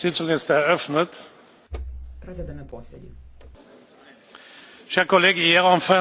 pradedame posėdį.